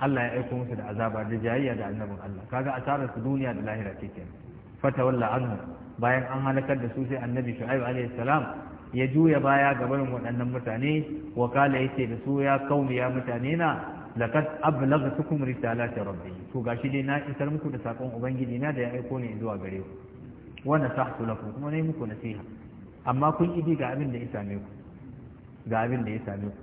Allah ya aiko musu da azaba da jayayya da annabin Allah kaga asarar su duniya da lahira ce kenan fata walla anhu bayan an halakar da su sai annabi shu'aib alaihi salam ya juya baya ga barin waɗannan mutane wa kala yace da su ya kauni ya mutane na laqad ablagtukum risalati rabbi to gashi dai na isar muku da sakon ubangiji na da ya aiko ni zuwa gare ku wa nasahtu lakum kuma nayi muku nasiha amma kun idi ga abin da ya same ku ga abin da ya same ku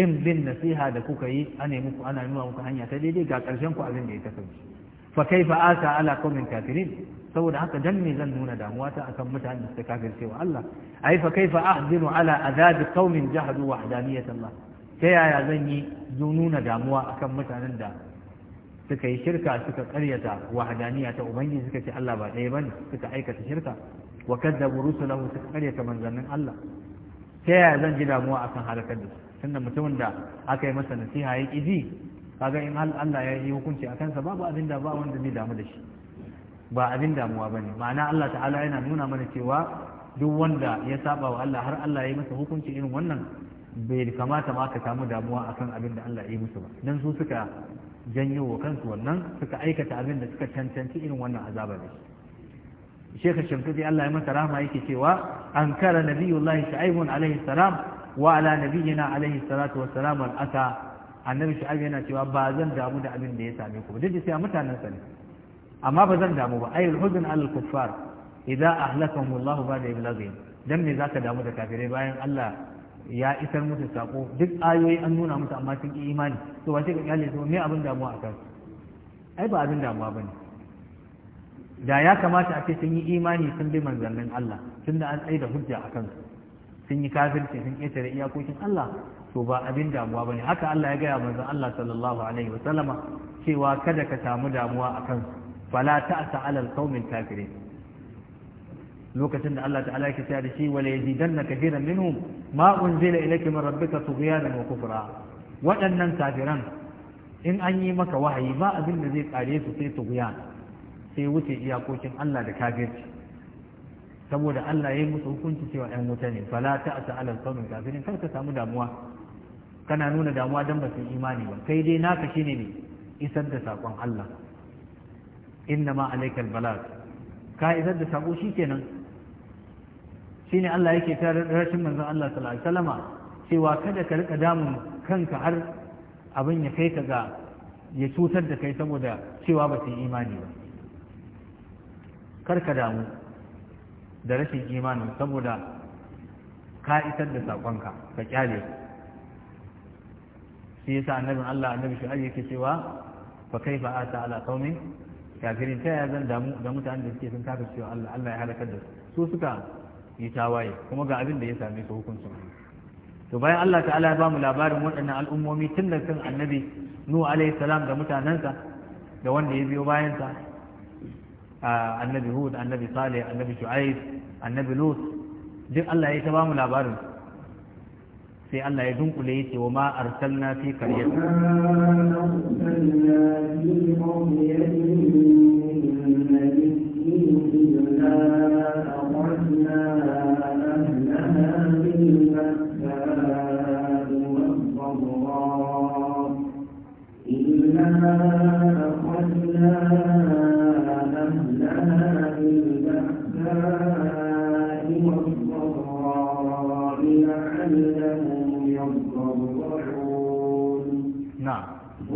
in bin nasiha da kuka yi ana muku ana nuna muku hanya ta daidai ga karshen ku abin da ya kasance fa kaifa asa ala qaumin kafirin saboda haka dan me zan nuna damuwa ta akan mutanen da suka kafirce wa Allah ai fa kaifa ahzinu ala azabi qaumin jahadu wahdaniyat Allah ta yaya zan yi nuna damuwa akan mutanen da suka yi shirka suka karyata wahdaniya ta ubangiji suka ce Allah ba ɗaya bane suka aikata shirka wa kadzabu rusulahu suka karyata manzannin Allah ta yaya zan ji damuwa akan halakar da su tunda mutumin da aka yi masa nasiha ya ƙi ji kaga in Allah ya yi hukunci akan sa babu abin da ba wanda zai damu da shi ba abin damuwa ba ne ma'ana Allah ta'ala yana nuna mana cewa duk wanda ya saba wa Allah har Allah ya yi masa hukunci irin wannan bai kamata ma ka samu damuwa akan abin da Allah ya yi musu ba dan su suka janyo wa kansu wannan suka aikata abin da suka cancanci irin wannan azaba ne Sheikh Shamsuddin Allah ya masa rahama yake cewa an kara nabiyullahi Shu'aibun alaihi salam wa ala nabiyyina alaihi salatu wassalam al-ata annabi Shu'aib yana cewa ba zan damu da abin da ya same ku ba duk da sai mutanen sa ne amma ba zan damu ba Ai alhuzn al kuffar idza ahlakahum Allah ba'da iblaghihim dan me zaka damu da kafirai bayan Allah ya isar musu sako duk ayoyi an nuna musu amma sun ki imani to ba sai ka kyale su me abin damuwa akan ai ba abin damuwa bane da ya kamata a ce sun yi imani sun bi manzannin Allah tun da an tsaye da hujja a kansu sun yi kafirci sun ƙetare iyakokin Allah to ba abin damuwa bane haka Allah ya gaya manzon Allah sallallahu alaihi wa sallama cewa kada ka samu damuwa a kansu fala ta'sa ala alqaumin kafirin lokacin da Allah ta'ala yake cewa da shi wala yazidanna kathiran minhum ma unzila ilayka min rabbika da wa kufra waɗannan kafiran in an yi maka wahayi ba abin da zai kare su sai su tughyan sai wuce iyakokin Allah da kafirci saboda Allah ya yi musu hukunci cewa ‘yan wuta ne fala ta'sa ala alqaumin kafirin kar ka samu damuwa kana nuna damuwa don ba su imani ba kai dai naka shine ne isar da sakon Allah inna ma alaikal balag ka isar da sako kenan shine Allah yake ta rashin manzon Allah sallallahu alaihi wasallama cewa kada ka rika damun kanka har abin ya kai ka ga ya cutar da kai saboda cewa ba su imani ba kar ka damu da rashin imanin saboda ka isar da sakonka ka kyale shi yasa annabin Allah annabi shi yake cewa fa kaifa ata ala qaumin kafirin ta yaya zan damu da mutanen da suke sun kafa cewa Allah Allah ya halakar da su su suka yi tawaye kuma ga abin da ya same su hukuncin to bayan Allah ta'ala ya ba mu labarin waɗannan al'ummomi tun da kan annabi Nuhu alaihi salam da mutanensa da wanda ya biyo bayansa annabi Hud annabi Salih annabi Shu'aib annabi Lut duk Allah ya ta ba mu labarin sai Allah ya dunkule yake wa ma arsalna fi qaryat Thank you.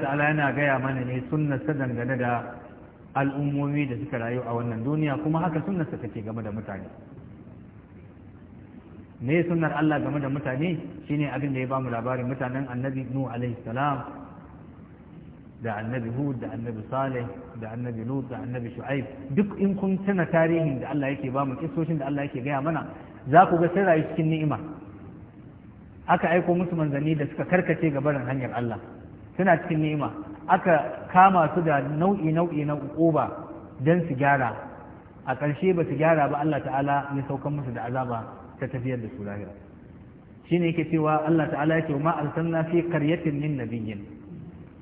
ta'ala yana gaya mana ne sunnarsa dangane da al'ummomi da suka rayu a wannan duniya kuma haka sunnarsa take game da mutane ne sunnar Allah game da mutane shine abin da ya bamu labarin mutanen annabi nu alaihi salam da annabi hud da annabi salih da annabi lut da annabi shu'aib duk in kun tana tarihin da Allah yake bamu kisoshin da Allah yake gaya mana za ku ga sai rayu cikin ni'ima aka aiko musu manzani da suka karkace gabarin hanyar Allah suna cikin nema aka kama su da nau'i nau'i na uquba don su gyara a ƙarshe ba su gyara ba Allah ta'ala ya saukan musu da azaba ta tafiyar da su lahira shine yake cewa Allah ta'ala yake ma arsalna fi qaryatin min nabiyyin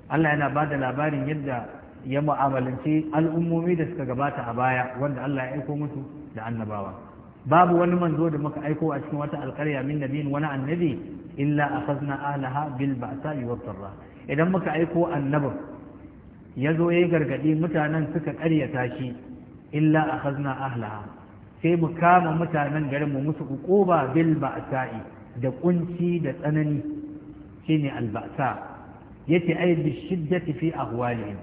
Allah yana ba da labarin yadda ya mu'amalanci al'ummomi da suka gabata a baya wanda Allah ya aiko musu da annabawa babu wani manzo da muka aiko a cikin wata alƙarya min nabiyin wani annabi illa akhadna ahlaha bil ba'sa wa dharra idan muka aiko annabin ya zo ya gargaɗi mutanen suka ƙaryata shi illa a hazna ahlaha sai mu kama mutanen garin mu musu ukuba bil ba'sa'i da kunci da tsanani shine al ba'sa yace ay bi shiddati fi ahwalihim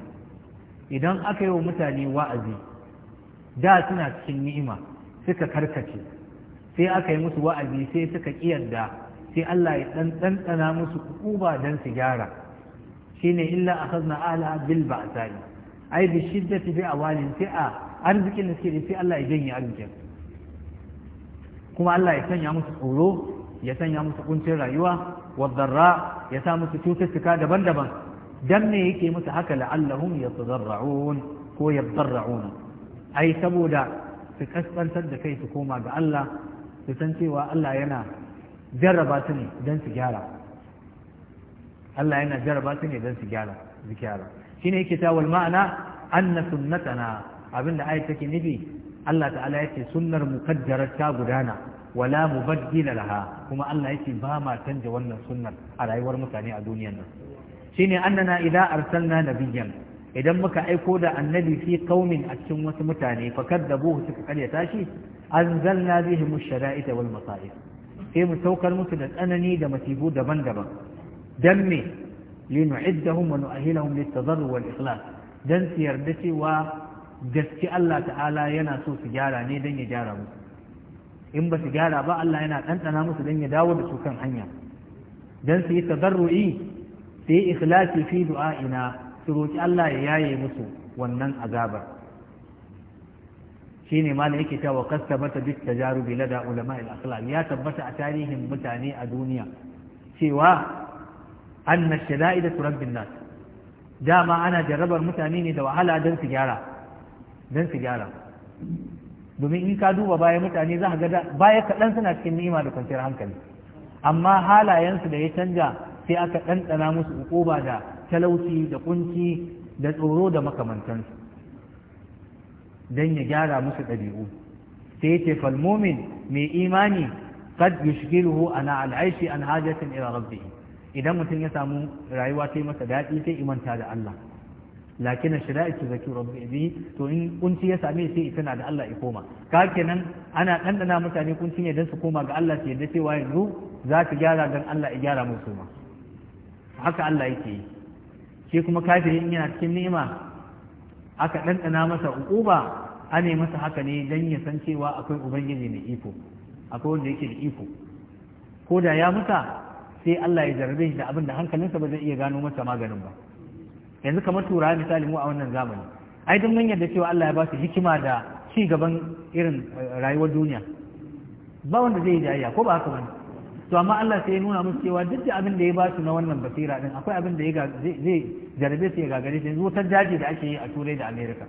idan aka yi wa mutane wa'azi da suna cikin ni'ima suka karkace sai aka yi musu wa'azi sai suka kiyarda sai Allah ya dan musu ƙuba dan su gyara shine illa akhadna ala bil ba'sani ai bi shiddati bi awalin sai a arzikin da suke sai Allah ya janye arzikin kuma Allah ya sanya musu tsoro ya sanya musu kuncin rayuwa wadarra ya sa musu cututtuka daban-daban dan me yake musu haka la'allahum yatadarra'un ko yadarra'una ai saboda su kaskantar da kai su koma ga Allah su san cewa Allah yana jarraba su ne don su gyara Allah yana jaraba su ne don su gyara su gyara shine yake ta wal ma'ana anna sunnatana abinda ayat take nufi Allah ta'ala yace sunnar mukaddarar ta gudana wala mubaddila laha kuma Allah ce ba ma canja wannan sunnar a rayuwar mutane a duniyar nan shine annana idza arsalna nabiyyan idan muka aiko da annabi fi qaumin a cikin wasu mutane fa kaddabuhu suka karyata shi anzalna bihim ash-shara'ita wal masa'ib sai mu saukar musu da tsanani da masifu daban-daban dan me linu'iddahum wa nu'ahilahum lit-tadarru wal-ikhlas dan su yarda cewa gaske Allah ta'ala yana so su gyara ne dan ya gyara musu in ba su gyara ba Allah yana ɗanɗana musu dan ya dawo da su kan hanya dan su yi tadarru'i su yi ikhlasi fi du'a'ina su roki Allah ya yaye musu wannan azabar shine malam yake cewa qad tabata duk tajarubi lada ulama al-akhlaq ya tabbata a tarihin mutane a duniya cewa anna shada'ida turabbin nas dama ana jarrabar mutane ne da wahala don su gyara don su gyara domin in ka duba baya mutane za ka ga baya kaɗan suna cikin ni'ima da kwanciyar hankali amma halayensu da ya canza, sai aka ɗanɗana musu ukuba da talauci da kunci da tsoro da makamantansu don ya gyara musu ɗabi'u sai ce falmomin mai imani kad yushgiluhu ana al'aishi an hajatin ila rabbihi idan mutum ya samu rayuwa ta yi masa daɗi sai imanta da Allah lakin shira ki zaki rabbi bi to in kunci ya same sai tana da Allah ya koma ka kenan ana dandana mutane kunci ne dan su koma ga Allah su yadda cewa yanzu za su gyara dan Allah ya gyara musu ma haka Allah yake yi shi kuma kafiri in yana cikin nema aka dandana masa uquba ane masa haka ne dan ya san cewa akwai ubangiji mai iko akwai wanda yake da iko ko da ya musa. sai Allah ya jarabe shi da abin da hankalinsa ba zai iya gano masa maganin ba yanzu kamar turawa misali mu a wannan zamani ai duk manyan da cewa Allah ya ba su hikima da ci gaban irin eh, rayuwar duniya ba wanda zai yi jayayya ko ba haka ba to amma Allah sai ya nuna musu cewa duk da abin da ya ba su na wannan basira din akwai abin da zai jarabe su ya gagare su yanzu wutar daji da ake yi a turai da america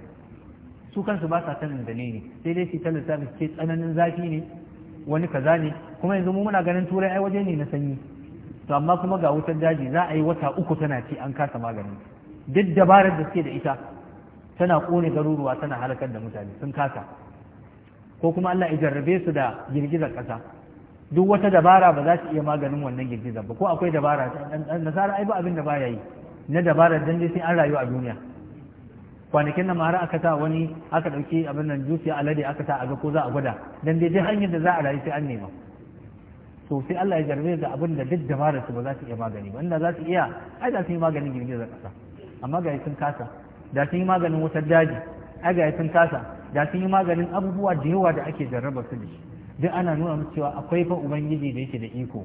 su kansu ba sa sanin ne sai dai su ta lissafi ce tsananin zafi ne wani kaza ne kuma yanzu mu muna ganin turai ai waje ne na sanyi to amma kuma ga wutar daji za a yi wata uku tana ci an kasa magani duk dabarar da suke da ita tana kone garuruwa tana halakar da mutane sun kasa ko kuma Allah ya jarrabe su da girgizar kasa duk wata dabara ba za su iya maganin wannan girgizar ba ko akwai dabara nasara ai ba abin da baya yi na dabarar dan dai sai an rayu a duniya kwanakin nan mara aka sa wani aka ɗauki abin nan jusiya alade aka sa a ga ko za a gwada dan dai dai hanyar da za a rayu sai an nema to sai Allah ya jarbe da abin da duk dabarar su ba za su iya magani ba inda za su iya ai da sun yi maganin girgizar kasa amma ga sun kasa da sun yi maganin wutar daji ai ga sun kasa da sun yi maganin abubuwa da yawa da ake jarraba su da shi duk ana nuna musu cewa akwai fa ubangiji da yake da iko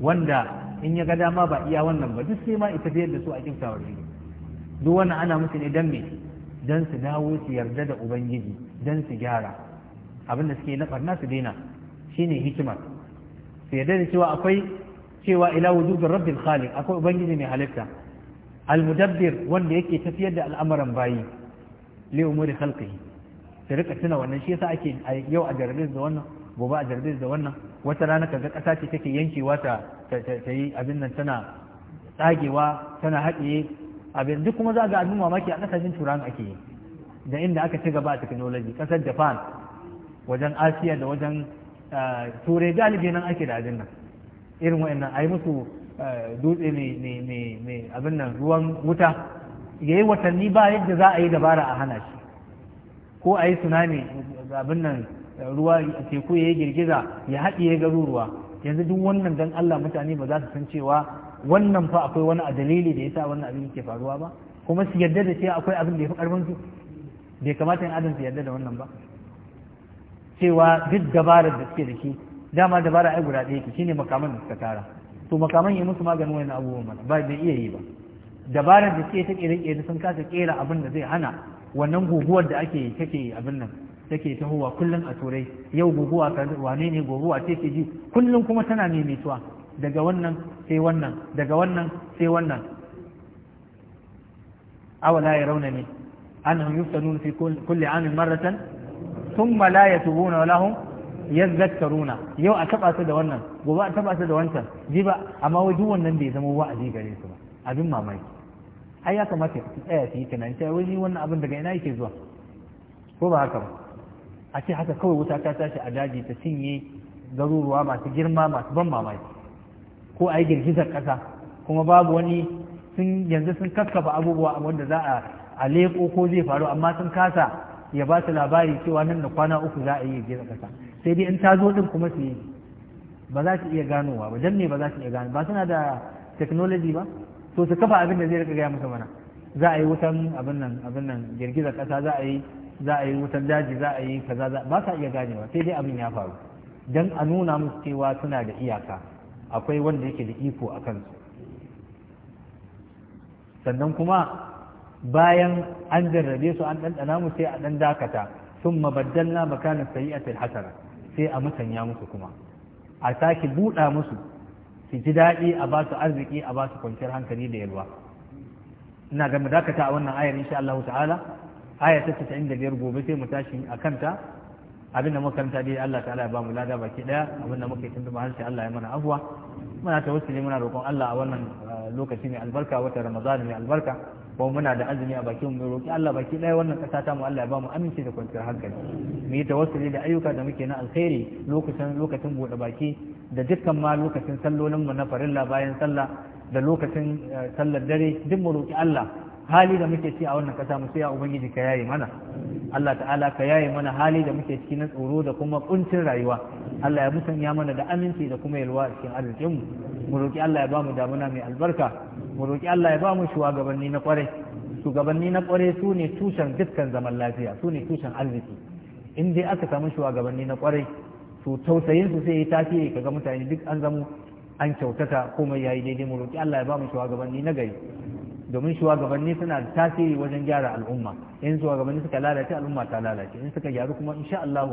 wanda in ya ga dama ba iya wannan ba duk sai ma ita da yadda su a kimtawar shi duk wannan ana musu ne dan me dan su dawo su yarda da ubangiji dan su gyara abin da suke na barna su daina shine hikimar su yadda da cewa akwai cewa ila wujudin rabbil khaliq akwai ubangiji mai halitta almudabbir wanda yake tafiyar da al'amuran bayi li umuri khalqihi su rika tuna wannan shi yasa ake yau a jarabe da wannan gobe a jarabe da wannan wata rana kaga kasa ce take yankewa ta ta yi abin nan tana tsagewa tana haɗiye abin duk kuma za ga abin mamaki a ƙasashen turan ake yi da inda aka ci gaba a technology ƙasar japan wajen asiya da wajen turai galibi nan ake da abin nan irin wa'annan a yi musu dutse mai abin nan ruwan wuta ya yi watanni ba yadda za a yi dabara a hana shi ko a yi tsunami abin nan ruwa teku ya yi girgiza ya haɗiye garuruwa yanzu duk wannan dan Allah mutane ba za su san cewa wannan fa akwai wani dalili da ya sa wannan abin ke faruwa ba kuma su yarda da cewa akwai abin da ya fi karfin su bai kamata in adam su yarda da wannan ba cewa duk dabarar da suke da shi dama dabara ai guda ɗaya shi ne makaman da suka tara to makaman yi musu maganin wani abubuwan mana ba da iya yi ba dabarar da suke ta ƙere ƙere sun kasa ƙera abin da zai hana wannan guguwar da ake take abin nan take tahowa kullum a turai yau guguwa wane ne guguwa ce ke ji kullum kuma tana nemetuwa daga wannan sai wannan daga wannan sai wannan awala ya rauna ne an yuftanun fi kulli amin maratan thumma la yatubuna wa lahum yazakkaruna yau a taba su da wannan gobe a taba su da wancan jiba amma wai duk wannan bai zama wa'azi gare su ba abin mamaki ai ya kamata ku tsaya su yi wannan abin daga ina yake zuwa ko ba haka ba a ce haka kawai wuta ta tashi a daji ta cinye garuruwa masu girma masu ban mamaki ko a yi girgizar ƙasa kuma babu wani sun yanzu sun kakkafa abubuwa wanda za a leko ko zai faru amma sun kasa ya ba su labari cewa nan da kwana uku za a yi gina ƙasa sai dai in ta zo din kuma su yi ba za su iya ganowa ba dan ne ba za su iya gano ba suna da technology ba to su kafa abin da zai rika gaya masa mana za a yi wutan abin nan abin nan girgizar ƙasa za a yi za a yi wutan daji za a yi kaza ba sa iya ganewa sai dai abin ya faru dan a nuna musu cewa suna da iyaka akwai wanda yake da iko akan, sannan kuma bayan an jarrabe su an ɗanɗana mu sai a ɗan dakata sun mabaddalna makanin sayi'atul hasana sai a musanya musu kuma a sake buɗa musu su ji daɗi a ba su arziki a ba su kwanciyar hankali da yalwa ina ga mu dakata a wannan ayar insha Allah ta'ala aya ta 95 gobe sai mu tashi a kanta abinda muka karanta dai Allah ta'ala ya ba mu lada baki daya abinda muka yi tunduma har sai Allah ya mana afwa muna tawassuli muna roƙon Allah a wannan lokaci mai albarka wata ramadan mai albarka ko muna da azumi a bakin mu roki Allah baki ɗaya wannan ƙasa ta mu Allah ya ba mu aminci da kwanciyar hankali mu yi tawassuli da ayyuka da muke na alkhairi lokacin lokacin buɗe baki da dukkan ma lokacin sallolin mu na farilla bayan sallah da lokacin eh, sallar dare duk mu roki Allah hali da muke ci a wannan kasa mu sai ya ubangiji ka yaye mana Allah ta'ala ka yaye mana hali da muke ciki na tsoro da kuma kuncin rayuwa Allah ya musanya mana da aminci da kuma yalwa cikin arzikin mu roki Allah ya ba mu damuna mai albarka mu roki Allah ya ba mu shugabanni na kwarai shugabanni na kwarai su ne tushen dukkan zaman lafiya su ne tushen arziki in dai aka samu shugabanni na kwarai to tausayin su sai ya tafi kaga mutane duk an zamo an kyautata komai yayi daidai mu roki Allah ya ba mu shugabanni na gari domin shugabanni suna da tasiri wajen gyara al'umma in shugabanni suka lalace al'umma ta lalace in suka gyaru kuma insha Allah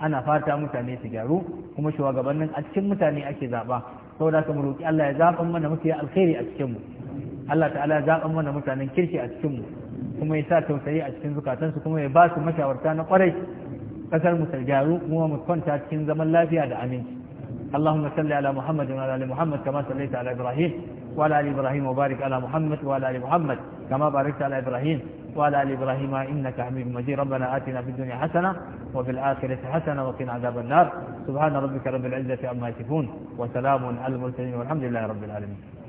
ana fata mutane su gyaru kuma shugabannin a cikin mutane ake zaba saboda haka mu roki Allah ya zaban mana ya alkhairi a cikin mu Allah ta'ala ya zaba mana mutanen kirki a cikin mu kuma ya sa tausayi a cikin zukatansu kuma ya ba su mashawarta na kwarai kasar mu ta gyaru kuma mu kwanta cikin zaman lafiya da aminci اللهم صل على محمد وعلى ال محمد كما صليت على ابراهيم وعلى آل إبراهيم وبارك على محمد وعلى آل محمد كما باركت على إبراهيم وعلى آل إبراهيم إنك حميد مجيد ربنا آتنا في الدنيا حسنة وفي الآخرة حسنة وقنا عذاب النار سبحان ربك رب العزة عما يصفون وسلام على المرسلين والحمد لله رب العالمين